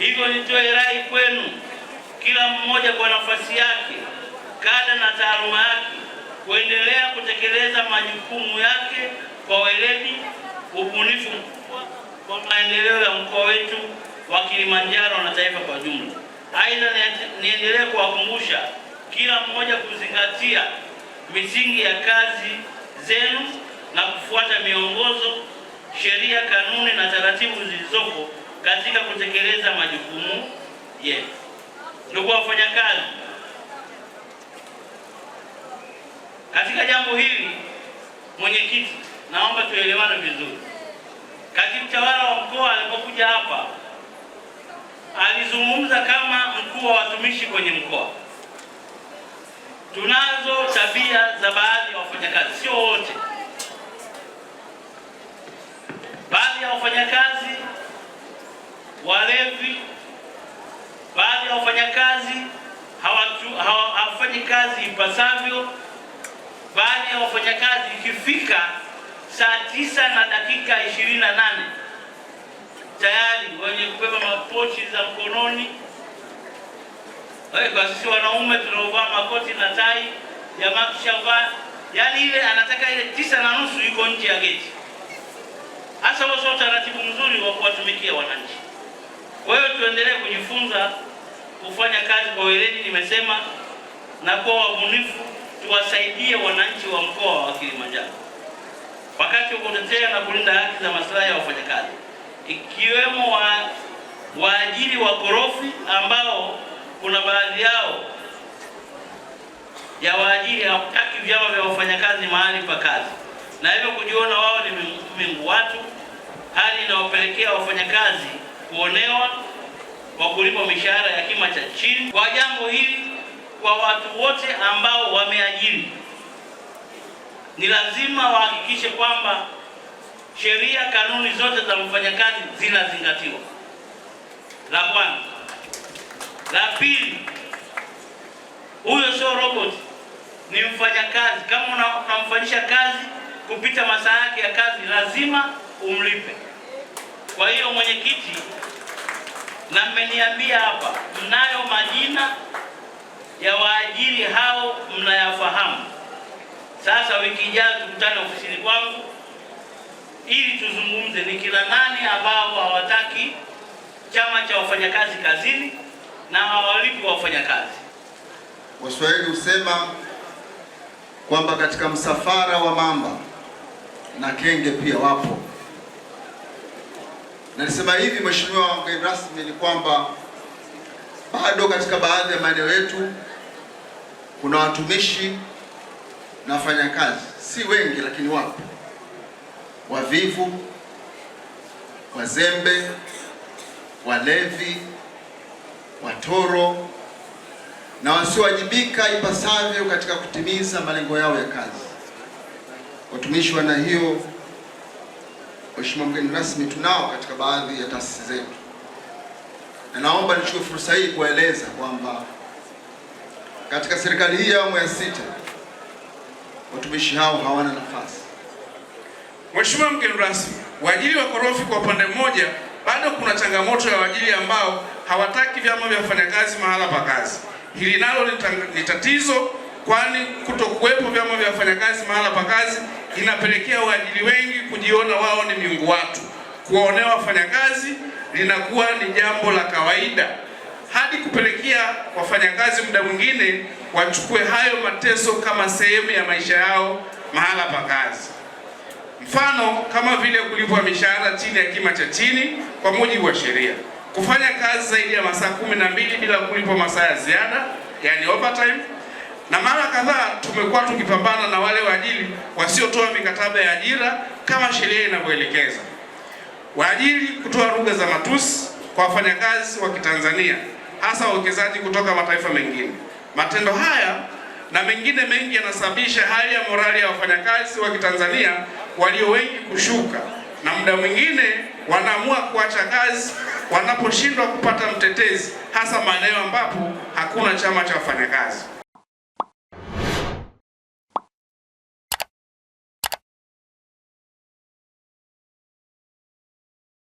Hivyo nitoe rai kwenu, kila mmoja kwa nafasi yake, kada na taaluma yake, kuendelea kutekeleza majukumu yake kwa weledi, ubunifu mkubwa kwa maendeleo ya mkoa wetu wa Kilimanjaro na taifa kwa jumla. Aidha, niendelee kuwakumbusha kila mmoja kuzingatia misingi ya kazi zenu na kufuata miongozo, sheria, kanuni na taratibu zilizopo katika kutekeleza majukumu yetu. Ndugu wafanyakazi, katika jambo hili mwenyekiti, naomba tuelewane vizuri. Katibu tawala wa mkoa alipokuja hapa alizungumza kama mkuu wa watumishi kwenye mkoa. Tunazo tabia za baadhi ya wafanyakazi, sio wote walevi, baadhi ya wafanyakazi hawafanyi kazi ipasavyo, baadhi ya wafanyakazi ikifika saa tisa na dakika ishirini na nane tayari wenye kubeba mapochi za mkononi. Kwa sisi wanaume tunaovaa makoti na tai ya makshava, yani ile anataka ile tisa na nusu yuko nje ya geti. Hasa wasio utaratibu mzuri wa kuwatumikia wananchi. Kwa hiyo tuendelee kujifunza kufanya kazi kwa weledi, nimesema na kwa wabunifu, tuwasaidie wananchi wa mkoa wa Kilimanjaro wakati wa kutetea na kulinda haki za maslahi ya wafanyakazi, ikiwemo wa waajiri wa korofi ambao kuna baadhi yao ya waajiri hawataki vyama vya wafanyakazi mahali pa kazi, na hivyo kujiona wao ni mingu watu, hali inayopelekea wafanyakazi kuonewa, wa kulipwa mishahara ya kima cha chini. Kwa jambo hili, kwa watu wote ambao wameajiri, ni lazima wahakikishe kwamba sheria, kanuni zote za mfanyakazi zinazingatiwa. La kwanza. La pili, huyo sio robot, ni mfanyakazi. Kama unamfanyisha kazi kupita masaa yake ya kazi, lazima umlipe. Kwa hiyo mwenyekiti, na mmeniambia hapa mnayo majina ya waajiri hao, mnayafahamu. Sasa wiki ijayo tukutane ofisini kwangu ili tuzungumze ni kila nani ambao hawataki chama cha wafanyakazi kazini na hawalipi wafanyakazi. Waswahili husema kwamba katika msafara wa mamba na kenge pia wapo na nisema hivi Mheshimiwa mgeni rasmi, ni kwamba bado katika baadhi ya maeneo yetu kuna watumishi na wafanyakazi, si wengi lakini wapo, wavivu, wazembe, walevi, watoro na wasiowajibika ipasavyo katika kutimiza malengo yao ya kazi. Watumishi wana hiyo Mheshimiwa mgeni rasmi, tunao katika baadhi ya taasisi zetu, na naomba nichukue fursa hii kueleza kwamba katika serikali hii ya awamu ya sita watumishi hao hawana nafasi. Mheshimiwa mgeni rasmi, waajiri wakorofi kwa upande mmoja, bado kuna changamoto ya waajiri ambao hawataki vyama vya wafanyakazi mahala pa kazi. Hili nalo ni tatizo kwani kutokuwepo vyama vya wafanyakazi mahala pa kazi inapelekea waajiri wengi kujiona wao ni miungu watu. Kuwaonea wafanyakazi linakuwa ni jambo la kawaida hadi kupelekea wafanyakazi muda mwingine wachukue hayo mateso kama sehemu ya maisha yao mahala pa kazi. Mfano kama vile kulipwa mishahara chini ya kima cha chini kwa mujibu wa sheria, kufanya kazi zaidi ya masaa kumi na mbili bila kulipwa masaa ya ziada, yani overtime na mara kadhaa tumekuwa tukipambana na wale waajiri wasiotoa mikataba ya ajira kama sheria inavyoelekeza. Waajiri kutoa lugha za matusi kwa wafanyakazi wa Kitanzania, hasa wawekezaji kutoka mataifa mengine. Matendo haya na mengine mengi yanasababisha hali ya morali ya wafanyakazi wa Kitanzania walio wengi kushuka, na muda mwingine wanaamua kuacha kazi wanaposhindwa kupata mtetezi, hasa maeneo ambapo hakuna chama cha wafanyakazi.